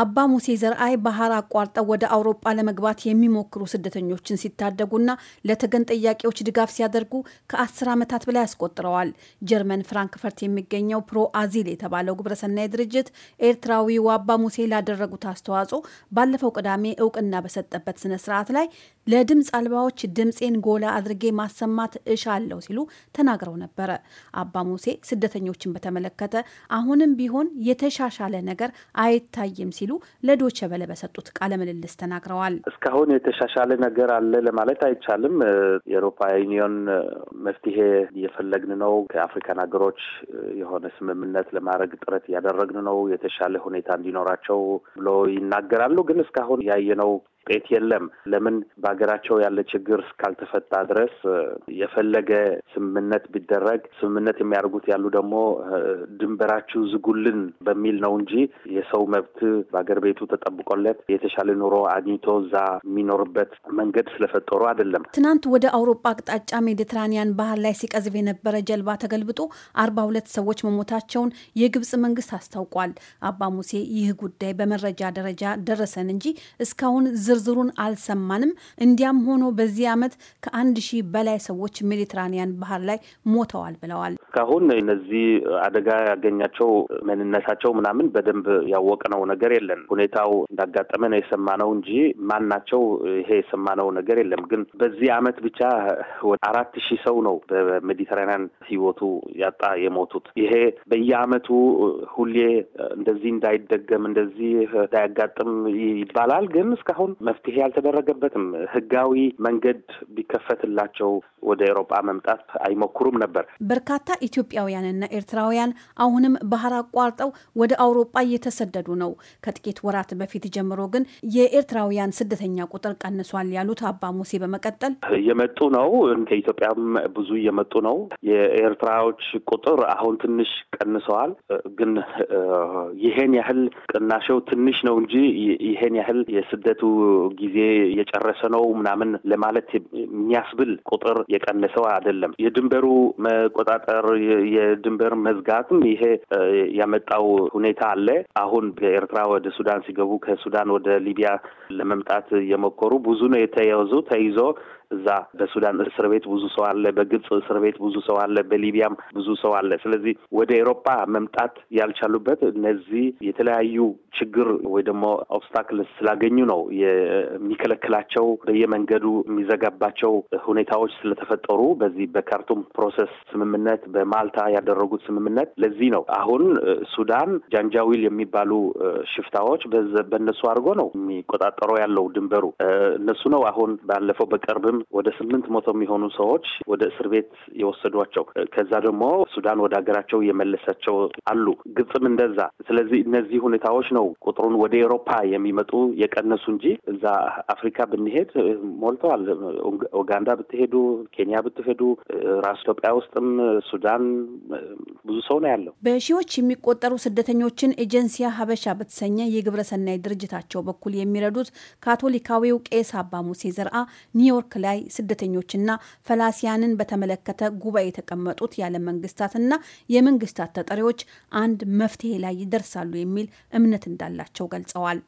አባ ሙሴ ዘርአይ ባህር አቋርጠው ወደ አውሮፓ ለመግባት የሚሞክሩ ስደተኞችን ሲታደጉና ለተገን ጥያቄዎች ድጋፍ ሲያደርጉ ከአስር ዓመታት በላይ አስቆጥረዋል። ጀርመን ፍራንክፈርት የሚገኘው ፕሮ አዚል የተባለው ግብረሰናይ ድርጅት ኤርትራዊው አባ ሙሴ ላደረጉት አስተዋጽኦ ባለፈው ቅዳሜ እውቅና በሰጠበት ስነ ስርዓት ላይ ለድምፅ አልባዎች ድምፄን ጎላ አድርጌ ማሰማት እሻለሁ ሲሉ ተናግረው ነበረ። አባ ሙሴ ስደተኞችን በተመለከተ አሁንም ቢሆን የተሻሻለ ነገር አይታይም ሲሉ ለዶቸ በለ በሰጡት ቃለ ምልልስ ተናግረዋል። እስካሁን የተሻሻለ ነገር አለ ለማለት አይቻልም። የአውሮፓ ዩኒዮን መፍትሄ እየፈለግን ነው። ከአፍሪካን ሀገሮች የሆነ ስምምነት ለማድረግ ጥረት እያደረግን ነው የተሻለ ሁኔታ እንዲኖራቸው ብሎ ይናገራሉ። ግን እስካሁን ያየነው ውጤት የለም። ለምን በሀገራቸው ያለ ችግር እስካልተፈታ ድረስ የፈለገ ስምምነት ቢደረግ ስምምነት የሚያደርጉት ያሉ ደግሞ ድንበራችሁ ዝጉልን በሚል ነው እንጂ የሰው መብት በሀገር ቤቱ ተጠብቆለት የተሻለ ኑሮ አግኝቶ እዛ የሚኖርበት መንገድ ስለፈጠሩ አይደለም። ትናንት ወደ አውሮፓ አቅጣጫ ሜዲትራኒያን ባህር ላይ ሲቀዝብ የነበረ ጀልባ ተገልብጦ አርባ ሁለት ሰዎች መሞታቸውን የግብጽ መንግስት አስታውቋል። አባ ሙሴ ይህ ጉዳይ በመረጃ ደረጃ ደረሰን እንጂ እስካሁን ዝር ዝርዝሩን አልሰማንም። እንዲያም ሆኖ በዚህ ዓመት ከአንድ ሺህ በላይ ሰዎች ሜዲትራኒያን ባህር ላይ ሞተዋል ብለዋል። እስካሁን እነዚህ አደጋ ያገኛቸው መነሻቸው ምናምን በደንብ ያወቅነው ነገር የለን። ሁኔታው እንዳጋጠመን የሰማነው እንጂ ማናቸው ይሄ የሰማነው ነገር የለም። ግን በዚህ ዓመት ብቻ ወደ አራት ሺህ ሰው ነው በሜዲተራኒያን ህይወቱ ያጣ የሞቱት። ይሄ በየዓመቱ ሁሌ እንደዚህ እንዳይደገም እንደዚህ እንዳያጋጥም ይባላል። ግን እስካሁን መፍትሄ አልተደረገበትም። ህጋዊ መንገድ ቢከፈትላቸው ወደ ኤሮጳ መምጣት አይሞክሩም ነበር። በርካታ ኢትዮጵያውያንና ኤርትራውያን አሁንም ባህር አቋርጠው ወደ አውሮጳ እየተሰደዱ ነው። ከጥቂት ወራት በፊት ጀምሮ ግን የኤርትራውያን ስደተኛ ቁጥር ቀንሷል ያሉት አባ ሙሴ በመቀጠል እየመጡ ነው። ከኢትዮጵያም ብዙ እየመጡ ነው። የኤርትራዎች ቁጥር አሁን ትንሽ ቀንሰዋል። ግን ይሄን ያህል ቅናሸው ትንሽ ነው እንጂ ይሄን ያህል የስደቱ ጊዜ የጨረሰ ነው ምናምን ለማለት የሚያስብል ቁጥር የቀነሰው አይደለም። የድንበሩ መቆጣጠር፣ የድንበር መዝጋትም ይሄ ያመጣው ሁኔታ አለ። አሁን ከኤርትራ ወደ ሱዳን ሲገቡ ከሱዳን ወደ ሊቢያ ለመምጣት የሞከሩ ብዙ ነው የተያዙ ተይዞ እዛ በሱዳን እስር ቤት ብዙ ሰው አለ፣ በግብፅ እስር ቤት ብዙ ሰው አለ፣ በሊቢያም ብዙ ሰው አለ። ስለዚህ ወደ ኤሮፓ መምጣት ያልቻሉበት እነዚህ የተለያዩ ችግር ወይ ደግሞ ኦብስታክል ስላገኙ ነው የሚከለክላቸው በየመንገዱ የሚዘጋባቸው ሁኔታዎች ስለተፈጠሩ በዚህ በካርቱም ፕሮሰስ ስምምነት በማልታ ያደረጉት ስምምነት ለዚህ ነው አሁን ሱዳን ጃንጃዊል የሚባሉ ሽፍታዎች በነሱ አድርጎ ነው የሚቆጣጠረው ያለው ድንበሩ እነሱ ነው። አሁን ባለፈው በቅርብም ወደ ስምንት መቶ የሚሆኑ ሰዎች ወደ እስር ቤት የወሰዷቸው ከዛ ደግሞ ሱዳን ወደ ሀገራቸው የመለሳቸው አሉ፣ ግብፅም እንደዛ። ስለዚህ እነዚህ ሁኔታዎች ነው ቁጥሩን ወደ ኤሮፓ የሚመጡ የቀነሱ እንጂ እዛ አፍሪካ ብንሄድ ሞልተዋል። ኡጋንዳ ብትሄዱ፣ ኬንያ ብትሄዱ፣ ራሱ ኢትዮጵያ ውስጥም ሱዳን ብዙ ሰው ነው ያለው። በሺዎች የሚቆጠሩ ስደተኞችን ኤጀንሲያ ሀበሻ በተሰኘ የግብረሰናይ ድርጅታቸው በኩል የሚረዱት ካቶሊካዊው ቄስ አባ ሙሴ ዘርአ ኒውዮርክ ላይ ላይ ስደተኞችና ፈላሲያንን በተመለከተ ጉባኤ የተቀመጡት የዓለም መንግስታትና የመንግስታት ተጠሪዎች አንድ መፍትሄ ላይ ይደርሳሉ የሚል እምነት እንዳላቸው ገልጸዋል።